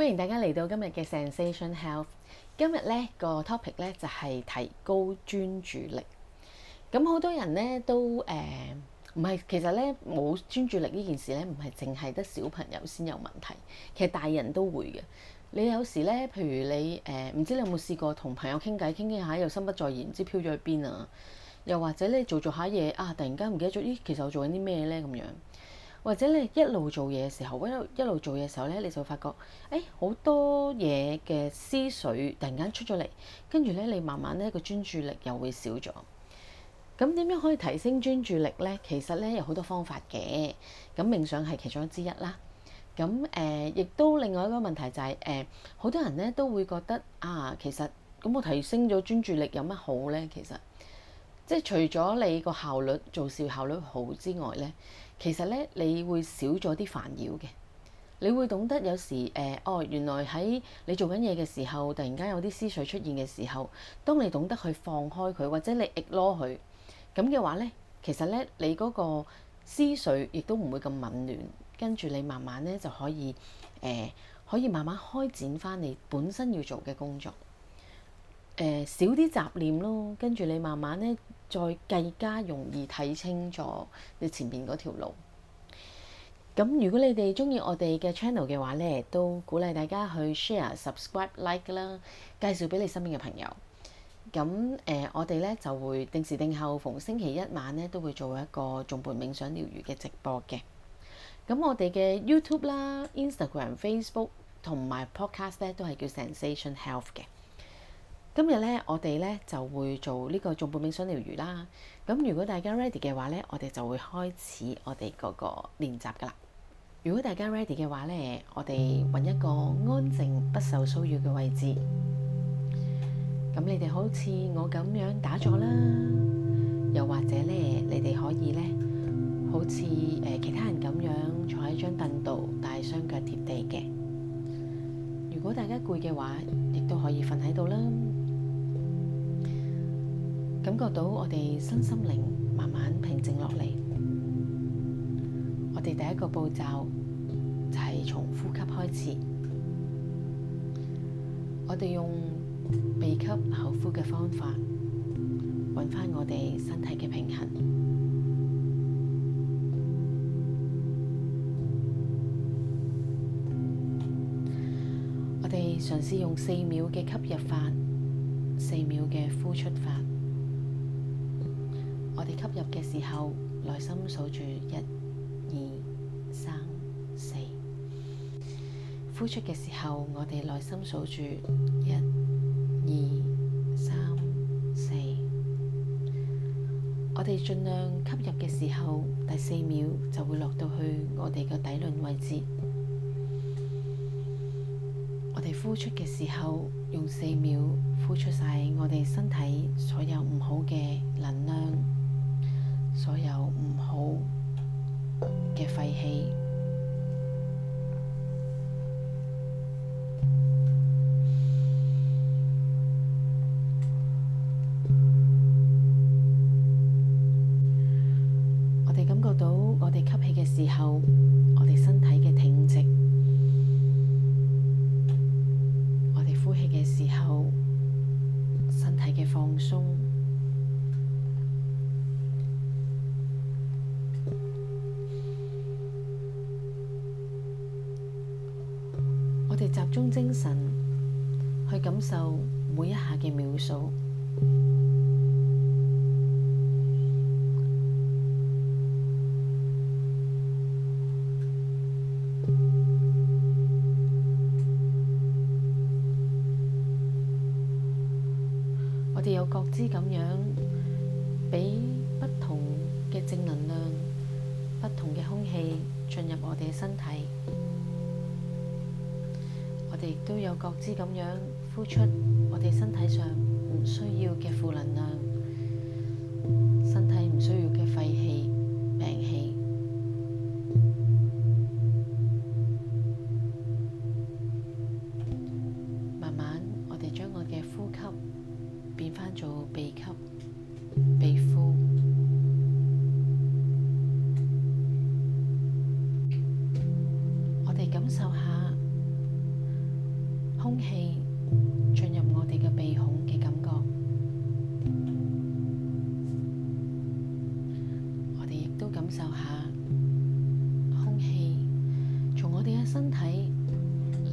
歡迎大家嚟到今日嘅 Zensation Health。今日咧個 topic 咧就係提高專注力。咁好多人咧都誒，唔係，其實咧冇專注力呢件事咧，唔係淨係得小朋友先有問題，其實大人都會嘅。你有時咧，譬如你誒，唔知你有冇試過同朋友傾偈，傾傾下又心不在焉，唔知飄咗去邊啊？又或者你做做下嘢啊，突然間唔記得咗，咦，其實我做緊啲咩咧？咁樣。或者你一路做嘢嘅時候，一路一路做嘢嘅時候咧，你就發覺誒好多嘢嘅思緒突然間出咗嚟，跟住咧你慢慢咧個專注力又會少咗。咁點樣可以提升專注力咧？其實咧有好多方法嘅，咁冥想係其中之一啦。咁誒，亦都另外一個問題就係誒，好多人咧都會覺得啊，其實咁我提升咗專注力有乜好咧？其實即係除咗你個效率做事效率好之外咧。其實咧，你會少咗啲煩擾嘅，你會懂得有時誒、呃，哦，原來喺你做緊嘢嘅時候，突然間有啲思緒出現嘅時候，當你懂得去放開佢，或者你 ignore 佢，咁嘅話呢，其實呢，你嗰個思緒亦都唔會咁紊亂，跟住你慢慢呢，就可以誒、呃，可以慢慢開展翻你本身要做嘅工作。少啲雜念咯，跟住你慢慢咧再更加容易睇清楚你前面嗰條路。咁如果你哋中意我哋嘅 channel 嘅話咧，都鼓勵大家去 share、subscribe、like 啦，介紹俾你身邊嘅朋友。咁誒、呃，我哋咧就會定時定候逢星期一晚咧都會做一個頌缽冥想療癒嘅直播嘅。咁我哋嘅 YouTube 啦、Instagram、Facebook 同埋 Podcast 咧都係叫 Zensation Health 嘅。今日咧，我哋咧就會做呢個頌缽冥想療癒啦。咁如果大家 ready 嘅話咧，我哋就會開始我哋嗰個練習㗎喇。如果大家 ready 嘅話咧，我哋揾一個安靜不受騷擾嘅位置。咁你哋好似我咁樣打坐啦，又或者咧，你哋可以咧，好似誒、呃、其他人咁樣坐喺張凳度，帶雙腳貼地嘅。如果大家攰嘅話，亦都可以瞓喺度啦。感覺到我哋身心靈慢慢平靜落嚟，我哋第一個步驟就係從呼吸開始。我哋用鼻吸口呼嘅方法，揾翻我哋身體嘅平衡。我哋嘗試用四秒嘅吸入法，四秒嘅呼出法。吸入嘅時候，內心數住一、二、三、四；呼出嘅時候，我哋內心數住一、二、三、四。我哋盡量吸入嘅時候，第四秒就會落到去我哋嘅底輪位置。我哋呼出嘅時候，用四秒呼出晒我哋身體。有覺知咁樣，畀不同嘅正能量、不同嘅空氣進入我哋嘅身體，我哋亦都有覺知咁樣呼出我哋身體上唔需要嘅負能量、身體唔需要嘅廢氣。空氣進入我哋嘅鼻孔嘅感覺，我哋亦都感受下空氣從我哋嘅身體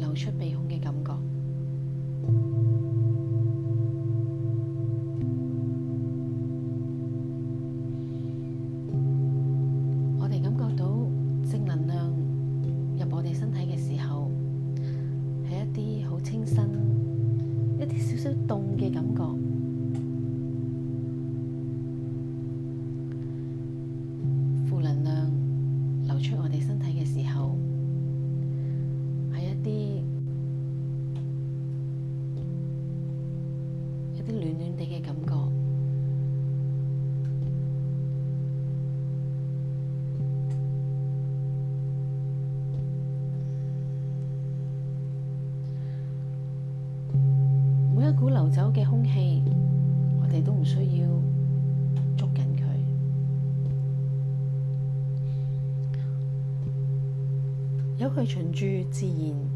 流出鼻孔嘅感覺。走嘅空氣，我哋都唔需要捉緊佢，由佢循住自然。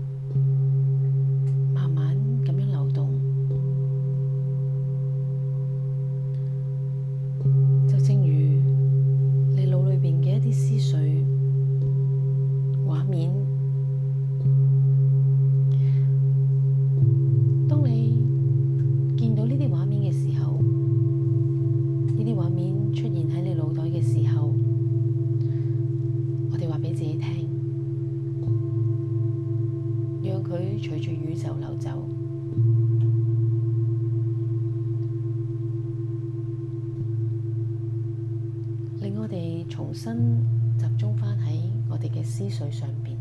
隨住宇宙流走，令我哋重新集中返喺我哋嘅思緒上邊。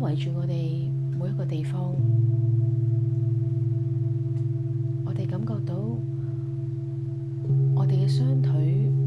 圍住我哋每一個地方，我哋感覺到，我哋嘅雙腿。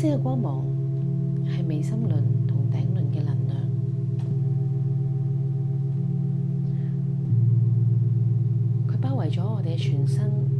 這光芒係微心輪同頂輪嘅能量，佢包圍咗我哋嘅全身。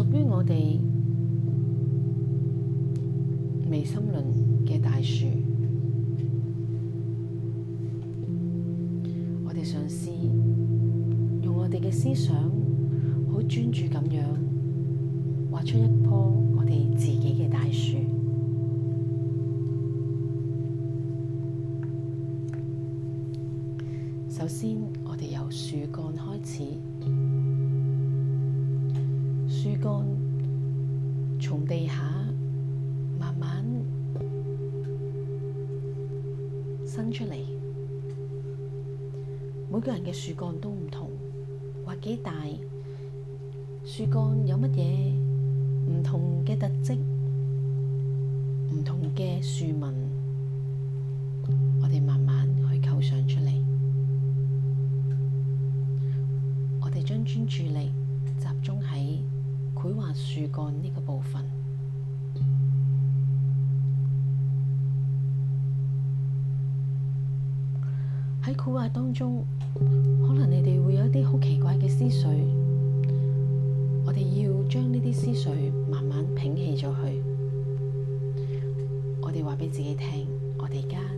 屬於我哋眉心輪嘅大樹，我哋嘗試用我哋嘅思想，好專注咁樣畫出一棵我哋自己嘅大樹。首先，我哋由樹幹開始。樹幹從地下慢慢伸出嚟，每個人嘅樹幹都唔同，或幾大，樹幹有乜嘢唔同嘅特徵，唔同嘅樹紋，我哋慢慢去構想出嚟，我哋將專注力。樹幹呢個部分喺繪畫當中，可能你哋會有一啲好奇怪嘅思緒，我哋要將呢啲思緒慢慢摒棄咗佢，我哋話畀自己聽，我哋而家。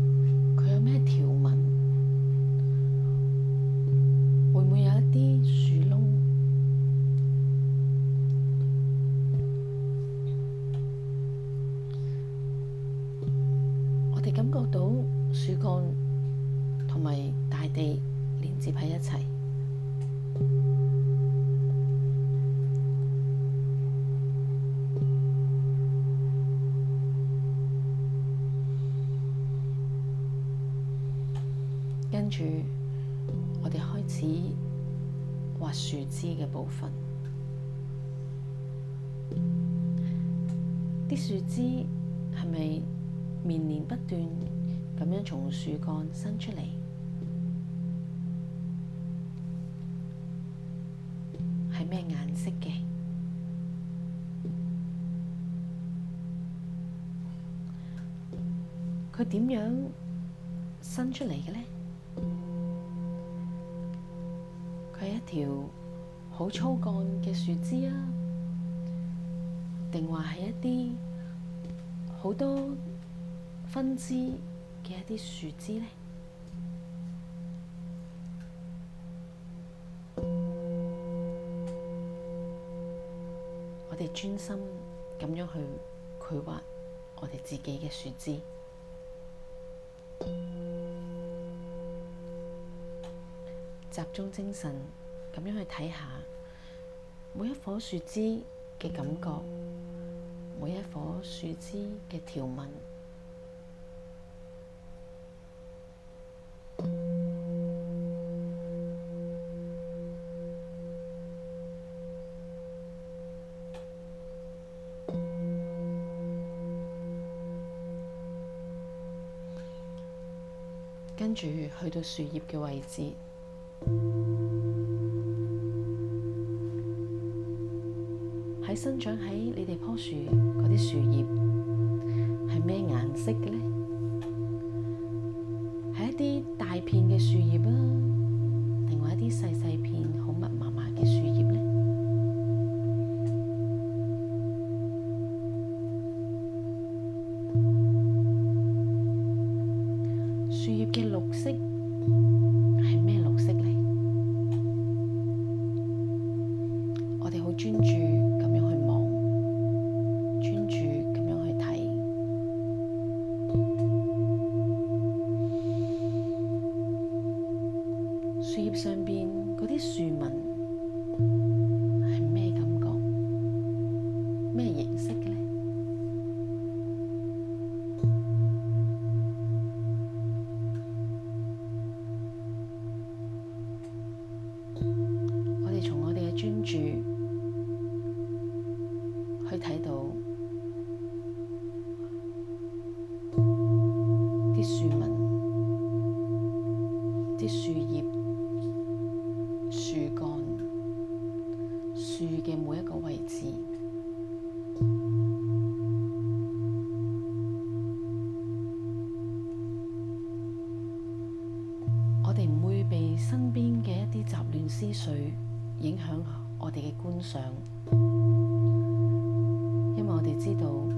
樹枝嘅部分，啲樹枝係咪綿綿不斷咁樣從樹幹伸出嚟？係咩顏色嘅？佢點樣伸出嚟嘅呢？條好粗幹嘅樹枝啊，定話係一啲好多分支嘅一啲樹枝呢？我哋專心咁樣去繪畫我哋自己嘅樹枝，集中精神。咁樣去睇下每一棵樹枝嘅感覺，每一棵樹枝嘅條紋，跟住去到樹葉嘅位置。生長喺你哋樖樹嗰啲樹葉係咩顏色嘅呢？係一啲大片嘅樹葉啊，定係一啲細細片好密麻麻嘅樹葉呢？樹葉嘅綠色。因為我哋知道。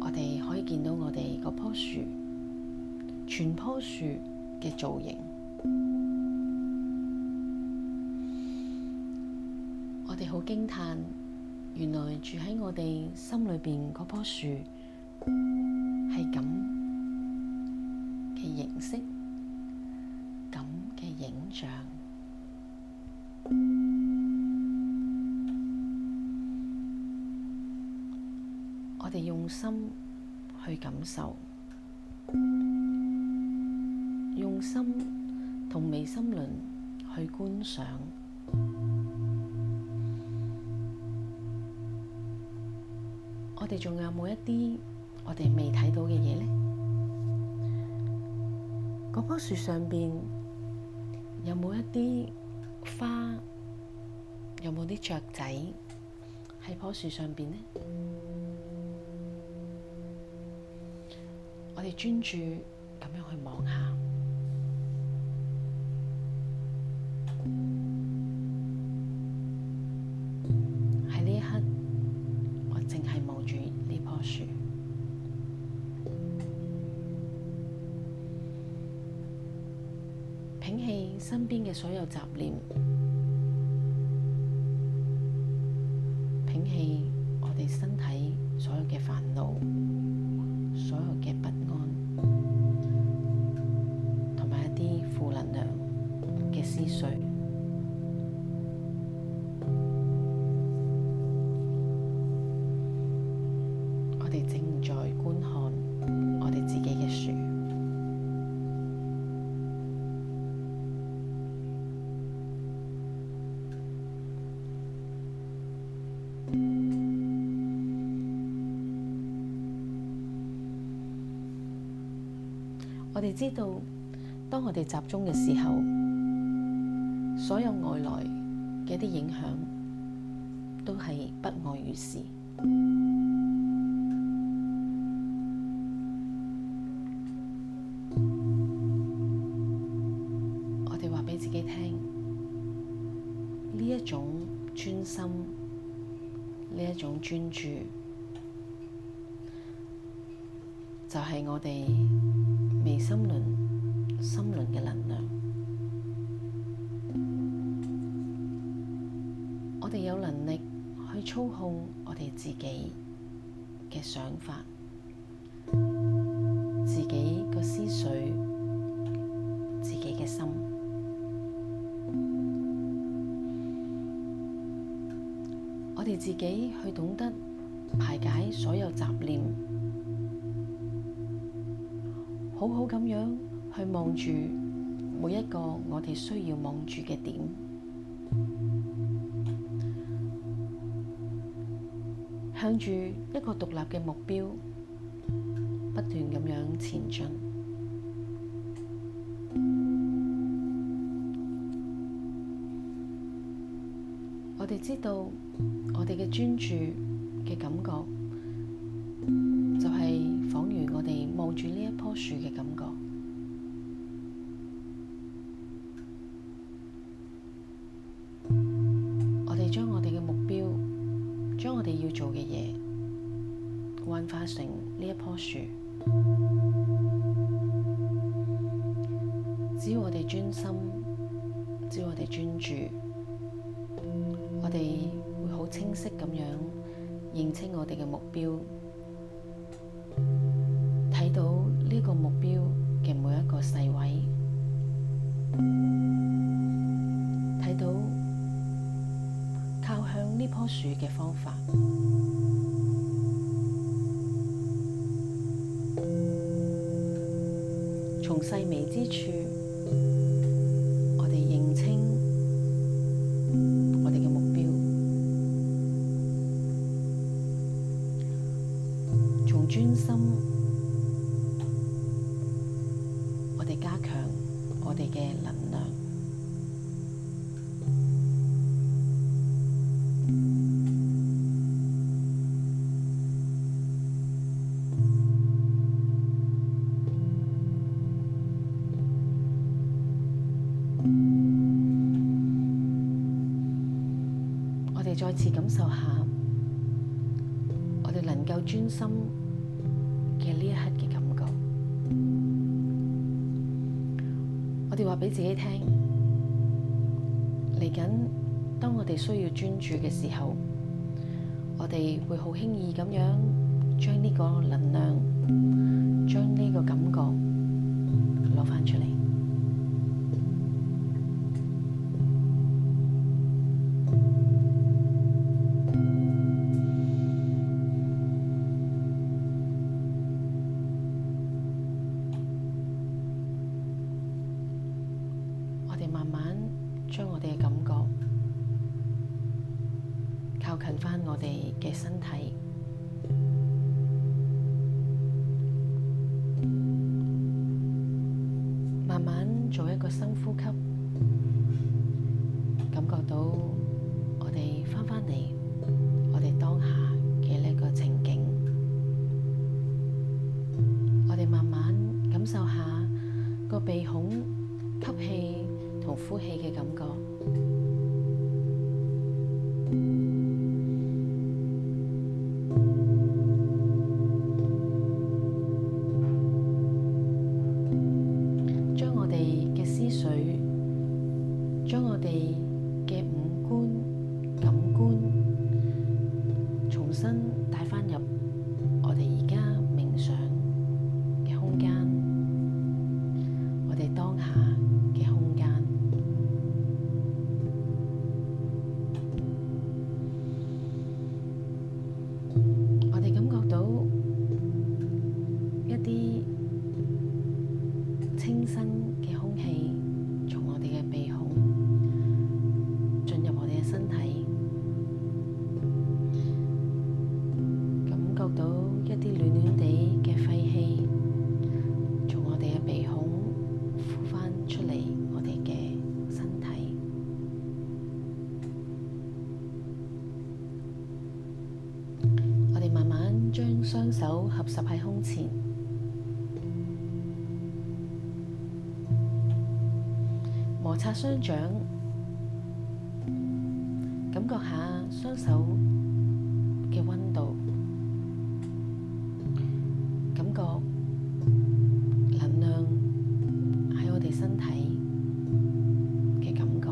我哋可以見到我哋嗰棵樹，全棵樹嘅造型，我哋好驚嘆，原來住喺我哋心裏邊嗰棵樹係咁嘅形式，咁嘅影像。心去感受，用心同微心輪去觀賞。 我哋仲有冇一啲我哋未睇到嘅嘢呢？嗰棵樹上邊有冇一啲花？有冇啲雀仔喺棵樹上邊呢？ 我哋專注咁樣去望下，喺呢一刻，我淨係望住呢棵樹，摒棄身邊嘅所有雜念。你知道，當我哋集中嘅時候，所有外來嘅一啲影響都係不外如是。我哋話俾自己聽，呢一種專心，呢一種專注。就係我哋微心輪、心輪嘅能量。我哋有能力去操控我哋自己嘅想法、自己嘅思緒、自己嘅心。我哋自己去懂得排解所有雜念。好好咁樣去望住每一個我哋需要望住嘅點，向住一個獨立嘅目標，不斷咁樣前進。我哋知道我哋嘅專注嘅感覺。望住呢一棵樹嘅感覺。靠向呢棵樹嘅方法，從細微之處。我哋能夠專心嘅呢一刻嘅感覺，我哋話畀自己聽。嚟緊，當我哋需要專注嘅時候，我哋會好輕易咁樣將呢個能量、將呢個感覺攞返出嚟。慢慢做一個深呼吸，感覺到我哋翻返嚟，我哋當下嘅呢個情景，我哋慢慢感受下個鼻孔吸氣同呼氣嘅感覺。掌，感覺下雙手嘅溫度，感覺能量喺我哋身體嘅感覺。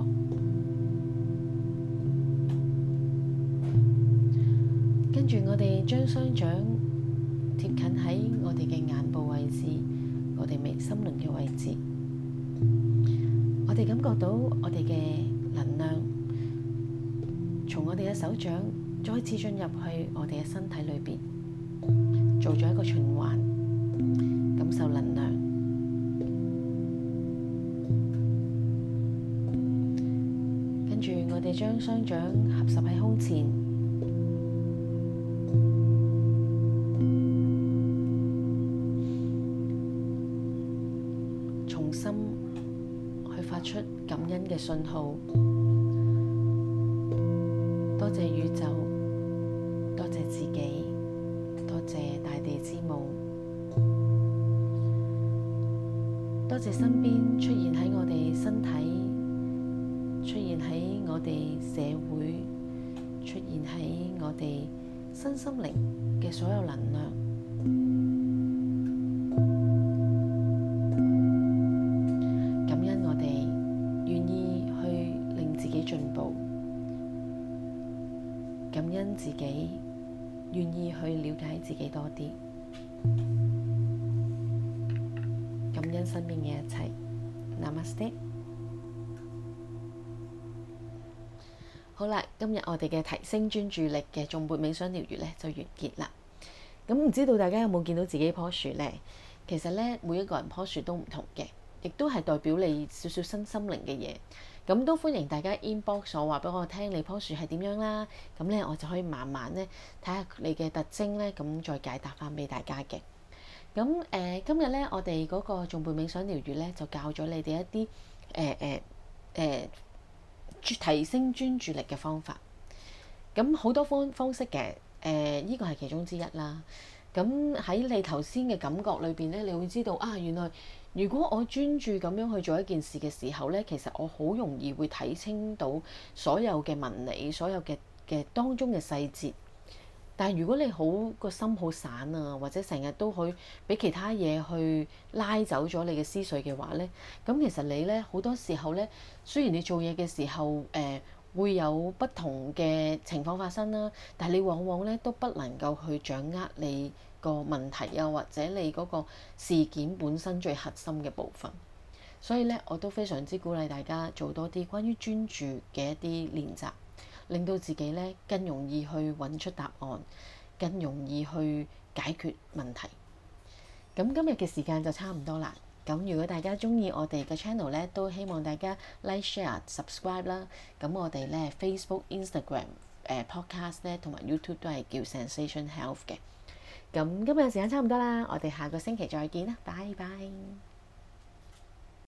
跟住我哋將雙掌貼近喺我哋嘅眼部位置，我哋眉心輪嘅位置。感覺到我哋嘅能量從我哋嘅手掌再次進入去我哋嘅身體裏邊，做咗一個循環，感受能量。跟住我哋將雙掌合十喺胸前，重新。發出感恩嘅信號，多謝宇宙，多謝自己，多謝大地之母，多謝身邊出現喺我哋身體、出現喺我哋社會、出現喺我哋身心靈嘅所有能量。好啦，今日我哋嘅提升專注力嘅頌缽冥想療癒咧就完結啦。咁唔知道大家有冇見到自己樖樹咧？其實咧，每一個人樖樹都唔同嘅，亦都係代表你少少身心靈嘅嘢。咁都歡迎大家 inbox，所話俾我聽，我你樖樹係點樣啦？咁咧，我就可以慢慢咧睇下你嘅特徵咧，咁再解答翻俾大家嘅。咁誒、呃，今日咧我哋嗰個頌缽冥想療癒咧就教咗你哋一啲誒誒誒。呃呃呃提升專注力嘅方法，咁好多方方式嘅，誒，呢個係其中之一啦。咁喺你頭先嘅感覺裏邊呢，你會知道啊，原來如果我專注咁樣去做一件事嘅時候呢，其實我好容易會睇清到所有嘅文理，所有嘅嘅當中嘅細節。但係如果你好個心好散啊，或者成日都去俾其他嘢去拉走咗你嘅思緒嘅話呢，咁其實你呢好多時候呢，雖然你做嘢嘅時候誒、呃、會有不同嘅情況發生啦、啊，但係你往往呢都不能夠去掌握你個問題又、啊、或者你嗰個事件本身最核心嘅部分。所以呢，我都非常之鼓勵大家做多啲關於專注嘅一啲練習。令到自己咧更容易去揾出答案，更容易去解決問題。咁今日嘅時間就差唔多啦。咁如果大家中意我哋嘅 channel 咧，都希望大家 like、share、subscribe 啦。咁我哋咧 Facebook、Instagram、誒 podcast 咧同埋 YouTube 都係叫 Zensation Health 嘅。咁今日嘅時間差唔多啦，我哋下個星期再見啦，拜拜。